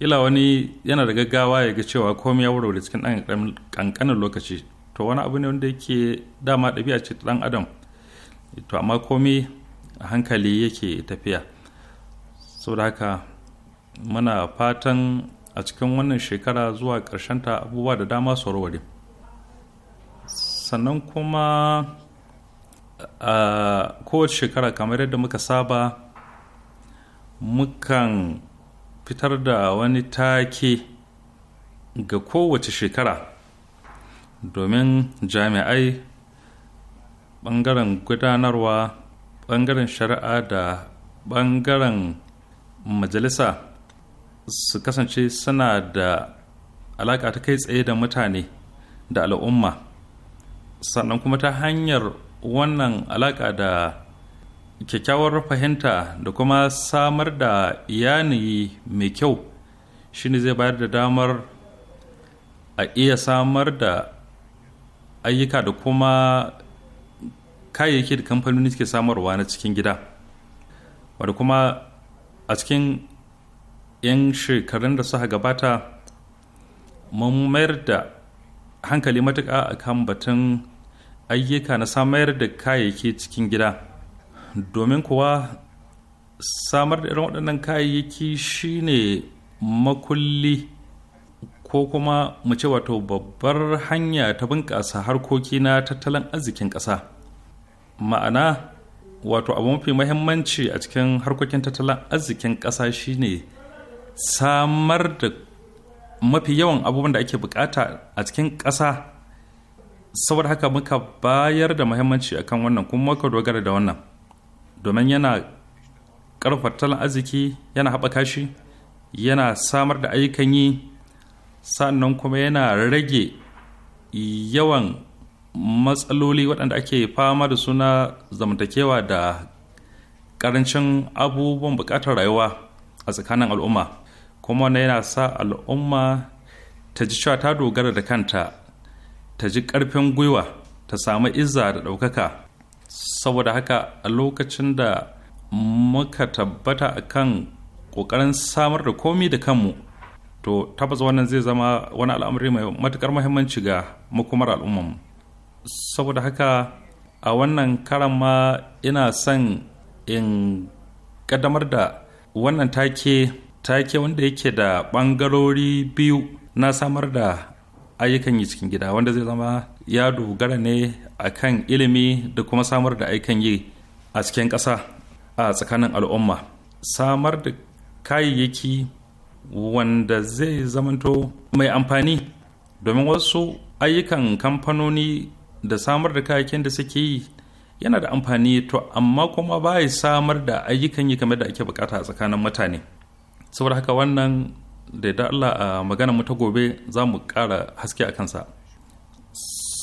kila wani yana da gaggawa ya ga cewa komai ya warware cikin ɗan ƙanƙanin lokaci to wani abu ne wanda yake dama ɗabi'a ce ta ɗan adam to amma komai a hankali yake tafiya saboda haka muna fatan a cikin wannan shekara zuwa ta abubuwa da dama su warware sannan kuma a kowace shekara kamar yadda muka saba mukan fitar da wani take ga kowace shekara domin jami'ai ɓangaren gudanarwa ɓangaren shari'a da ɓangaren majalisa su kasance suna da alaƙa ta kai tsaye da mutane da al'umma sannan kuma ta hanyar wannan alaƙa da kyakkyawar fahimta da kuma samar da yanayi mai kyau shine zai bayar da damar a iya samar da ayyuka da kuma kayayyaki da kamfanoni suke samarwa na cikin gida wadda kuma a cikin 'yan shekarun da suka gabata mun mayar da hankali matuka a kan batun ayyuka na samar da kayayyaki cikin gida domin kuwa samar da irin waɗannan kayayyaki shine makulli ko kuma mu ce wato babbar hanya ta bunƙasa harkoki na tattalin arzikin ƙasa ma'ana wato abu mafi mahimmanci a cikin harkokin tattalin arzikin ƙasa shine samar da mafi yawan abubuwan da ake bukata a cikin ƙasa saboda haka muka bayar da mahimmanci akan wannan kuma muka dogara da wannan domin yana ƙarfafa tattalin arziki yana haɓaka shi yana samar da ayyukan yi sannan kuma yana rage yawan matsaloli waɗanda ake fama da suna zamantakewa da ƙarancin abubuwan buƙatar rayuwa a tsakanin al'umma kuma wannan yana sa al'umma ta ji cewa ta dogara da kanta ta ji ƙarfin gwiwa ta samu izza da ɗaukaka saboda haka a lokacin da muka tabbata a kan ƙoƙarin samar da komi da kanmu to tabbas wannan zai zama wani al'amari mai matuƙar muhimmanci ga makomar al'ummanmu saboda haka a wannan karan ma ina son in kaddamar da wannan take take wanda yake da ɓangarori biyu na samar da ayyukan yi cikin gida wanda zai zama ya dogara ne a kan ilimi da kuma samar da aikin yi a cikin ƙasa a tsakanin al'umma samar da kayayyaki wanda zai zamanto mai amfani domin wasu ayyukan kamfanoni da samar da kayayyakin da suke yi yana da amfani to amma kuma ba ya samar da ayyukan yi kamar da ake bukata a tsakanin mutane saboda haka wannan da da Allah a magana mu ta gobe za mu ƙara haske a kansa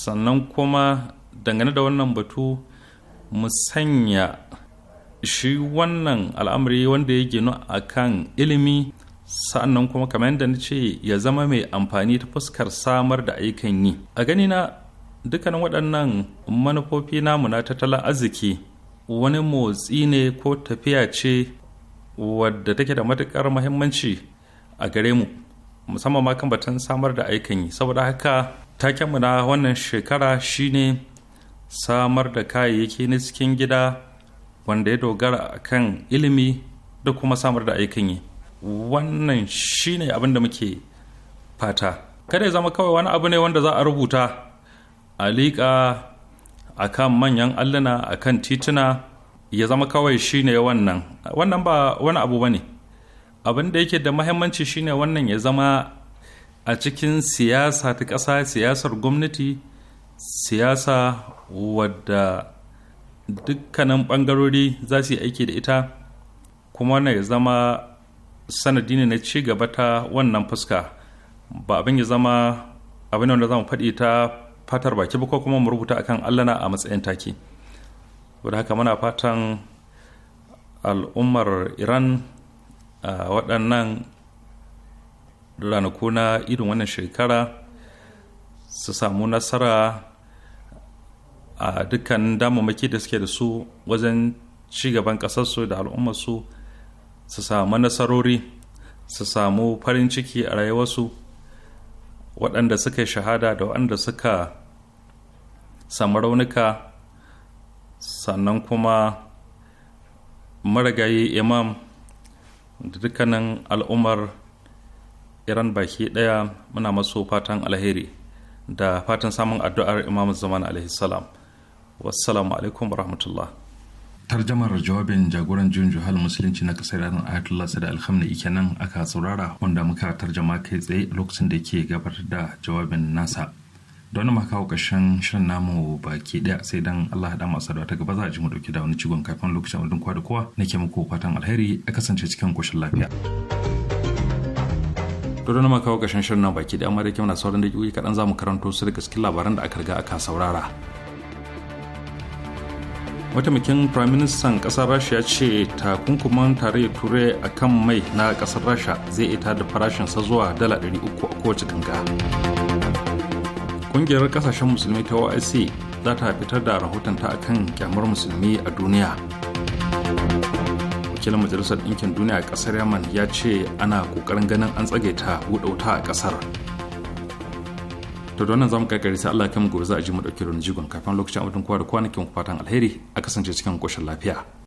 sannan kuma dangane da wannan batu mu sanya shi wannan al'amari wanda ya ginu a kan ilimi sa'annan kuma kamar yadda na ce ya zama mai amfani ta fuskar samar da aikan yi a gani na dukkanin waɗannan manufofi namu na tattalin arziki wani motsi ne ko tafiya ce wadda take da matuƙar muhimmanci a gare mu musamman ma kan batun samar da aikan yi saboda haka takenmu na wannan shekara shine samar da kayayyaki na cikin gida wanda ya dogara kan ilimi da kuma samar da aikin yi wannan shine abin da muke fata kada ya zama kawai wani abu ne wanda za a rubuta a liƙa a kan manyan alluna a kan tituna ya zama kawai shine wannan wannan ba wani abu ba ne abin da yake da mahimmanci shine wannan ya zama a cikin siyasa ta ƙasa siyasar gwamnati siyasa wadda dukkanin bangarori za su yi aiki da ita kuma wannan ya zama sanadi ne na ci gaba ta wannan fuska ba abin ya zama abin wanda za mu faɗi ta fatar baki ba ko kuma mu rubuta akan allana a matsayin taki wadda haka muna fatan al'ummar iran a waɗannan ranaku na irin wannan shekara su samu nasara a dukkan damammaki da suke da su wajen ci gaban ƙasarsu da al'ummarsu su samu nasarori su samu farin ciki a rayuwarsu waɗanda suka yi shahada da waɗanda suka samu raunuka sannan kuma maragayi imam da dukkanin al'ummar iran baki ɗaya muna masu fatan alheri da fatan samun addu'ar imam zaman alaihi salam wassalamu alaikum rahmatullah tarjamar jawabin jagoran juyin juhal musulunci na kasar iran ayatollah sada alhamdi kenan aka saurara wanda muka tarjama kai tsaye lokacin da ke gabatar da jawabin nasa don ma kawo ƙarshen shirin namu baki ɗaya sai dan allah da masu da ta gaba za a ji mu ɗauki da wani cigon kafin lokacin wadin kwa da kowa nake muku fatan alheri a kasance cikin koshin lafiya. don na kawo ƙarshen shirin namu baki ɗaya amma da kyau na sauran da kaɗan za mu karanto su da gaske labaran da aka riga aka saurara. mataimakin firaministan ƙasar rasha ya ce takunkuman tarayyar turai a kan mai na ƙasar rasha zai ita da farashinsa zuwa dala 300 a kowace ganga ƙungiyar ƙasashen musulmi ta oic za ta fitar da rahotonta kan kyamar musulmi a duniya wakilin majalisar ɗinkin duniya a ƙasar yaman ya ce ana ƙoƙarin ganin an tsage ta wuɗauta a ƙasar to da wannan zamu karkare sai Allah ya mu gobe za a ji mu dauki ruwan jigon kafin lokacin abin kowa da kwanakin fatan alheri a kasance cikin koshin lafiya